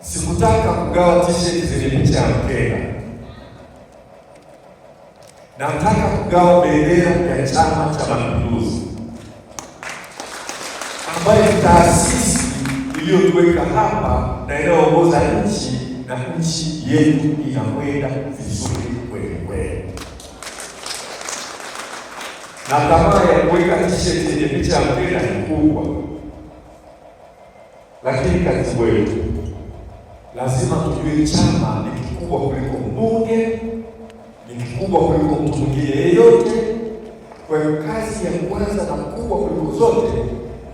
sikutaka kugawa t-shirt zenye picha ya Mpera, nataka kugawa bendera ya Chama cha Mapinduzi ambayo ni taasisi iliyotuweka hapa na inayoongoza nchi na nchi yetu inakwenda vizuri kweli kweli, na tamaa ya kuweka t-shirt zenye picha ya Mpera ni kubwa, lakini katibu wetu lazima tujue chama ni kikubwa kuliko mbunge, ni kikubwa kuliko mtu mwingine yeyote. Kwa hiyo kazi ya kwanza na kubwa kuliko zote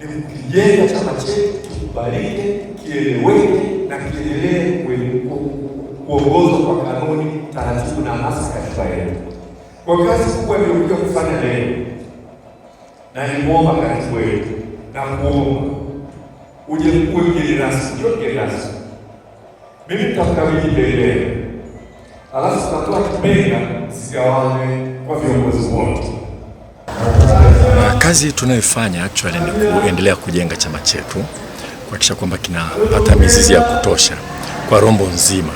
ni kukijenga chama chetu kikubalike, kieleweke na kiendelee kuongozwa kwa kanuni, taratibu na hasa katiba yetu. Kwa kazi kubwa nilikuja kufanya leo, na nimuomba katibu wetu na kuomba uje mkuu mgeni rasmi, sio mgeni rasmi mimi nitakabidhi ile, alafu tutatoa kipenga sigawane kwa viongozi wote. Kazi tunayofanya actually ni kuendelea kujenga chama chetu kuhakikisha kwamba kinapata mizizi ya kutosha kwa Rombo nzima.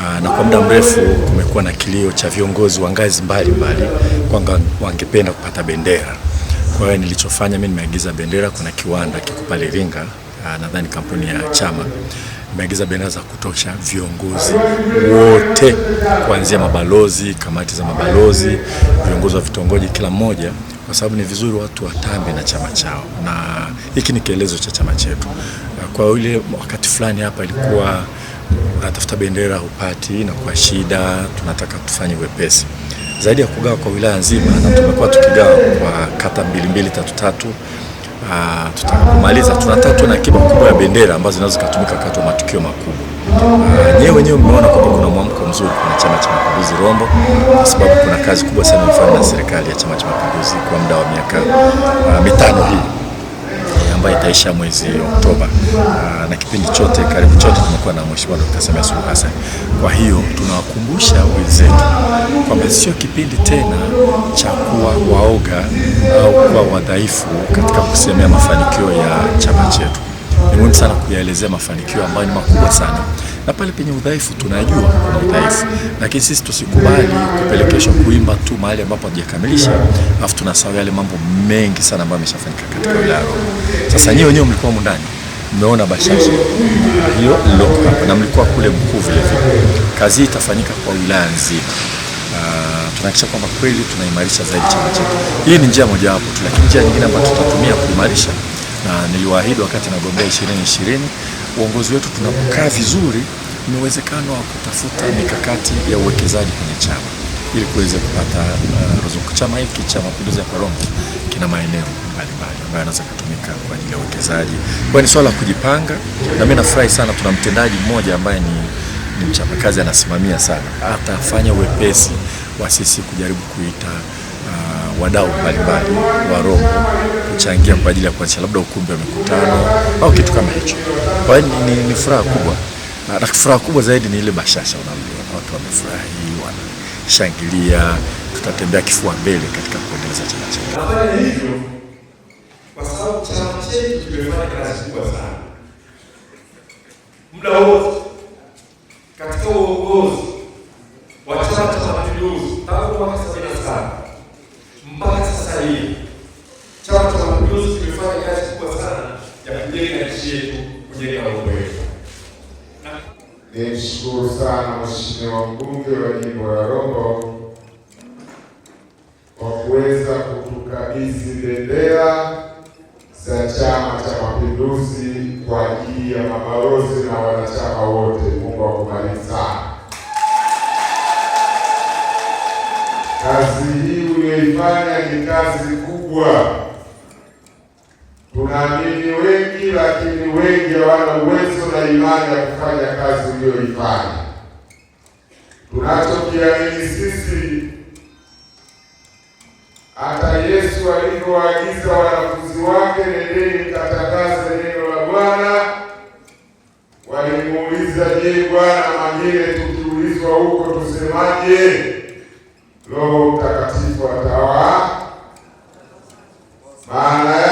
Ah, na kwa muda mrefu kumekuwa na kilio cha viongozi wa ngazi mbalimbali kwamba wangependa kupata bendera. Kwa hiyo nilichofanya mimi nimeagiza bendera, kuna kiwanda kiko pale Iringa, ah, nadhani kampuni ya chama imeagiza bendera za kutosha, viongozi wote kuanzia mabalozi, kamati za mabalozi, viongozi wa vitongoji, kila mmoja, kwa sababu ni vizuri watu watambe na chama chao, na hiki ni kielezo cha chama chetu. Kwa ile wakati fulani hapa ilikuwa unatafuta bendera upati na kwa shida, tunataka tufanye wepesi zaidi ya kugawa kwa wilaya nzima, na tumekuwa tukigawa kwa kata mbili mbili tatu tatu tutamaliza ah, tutakaomaliza tunataka tuwe na akiba kubwa ya bendera ambazo zinaweza kutumika wakati wa matukio makubwa. Ah, nyewe wenyewe mmeona kwamba kuna mwamko mzuri kwenye Chama cha Mapinduzi Rombo, kwa sababu kuna kazi kubwa sana imefanywa na serikali ya Chama cha Mapinduzi kwa muda wa miaka ah, mitano hii ambayo itaisha mwezi Oktoba. Ah, na kipindi chote karibu chote tumekuwa na Mheshimiwa Dkt. Samia Suluhu Hassan. Kwa hiyo tunawakumbusha wenzetu kwamba sio kipindi tena cha kuwa waoga au kuwa wadhaifu katika kusemea mafanikio ya chama chetu. Ni muhimu sana kuyaelezea mafanikio ambayo ni makubwa sana na pale penye udhaifu tunajua kuna udhaifu, lakini sisi tusikubali kupelekeshwa kuimba tu mahali ambapo hajakamilisha, alafu tunasahau yale mambo mengi sana ambayo ameshafanyika katika wilaya. Sasa nyinyi wenyewe mlikuwa mundani mmeona bashasha hiyo liloko hapa na mlikuwa kule mkuu vile vile. Kazi hii itafanyika kwa wilaya nzima. Ah, tunahakikisha kwamba kweli tunaimarisha zaidi chama chetu. Hii ni njia mojawapo tu, lakini njia nyingine ambayo tutatumia kuimarisha, na niliwaahidi wakati nagombea ishirini ishirini uongozi wetu tunapokaa vizuri ni uwezekano wa kutafuta mikakati ya uwekezaji kwenye chama ili kuweza kupata uh, ruzuku. Chama hiki cha Mapinduzi ya Korombe kina maeneo mbalimbali ambayo yanaweza kutumika kwa ajili ya uwekezaji. Kwa ni swala la kujipanga, na mimi nafurahi sana, tuna mtendaji mmoja ambaye ni, ni mchapakazi, anasimamia sana, atafanya wepesi wa sisi kujaribu kuita uh, wadau mbalimbali wa Rombo kuchangia kwa ajili ya kuacha labda ukumbi wa mikutano au kitu kama hicho. Kwa hiyo ni, ni, ni furaha kubwa na furaha kubwa zaidi ni ile bashasha, unaambiwa watu wamefurahi, wanashangilia, tutatembea kifua mbele katika kuendeleza chama chetu. hivyo kwa sababu chama chetu kimefanya kazi kubwa sana muda wote katika uongozi wa Chama cha Mapinduzi tangu mwaka sabini na saba mpaka sasa hivi, Chama cha Mapinduzi kimefanya kazi kubwa sana ya kujenga nchi yetu, kujenga Nimshukuru sana mheshimiwa mbunge wa jimbo la Rombo kwa kuweza kutukabidhi bendera za Chama cha Mapinduzi kwa ajili ya mabalozi na wanachama wote. Mungu akubariki sana. Kazi hii uliyoifanya ni kazi kubwa. Tunaamini wengi, lakini wengi hawana uwezo na imani ya kufanya kazi uliyoifanya. Tunachokiamini sisi, hata Yesu alivyowaagiza wanafunzi wake, nendeni mkatangaze neno la Bwana, walimuuliza je, Bwana, majile tukiulizwa huko tusemaje? Roho Mtakatifu atawa maana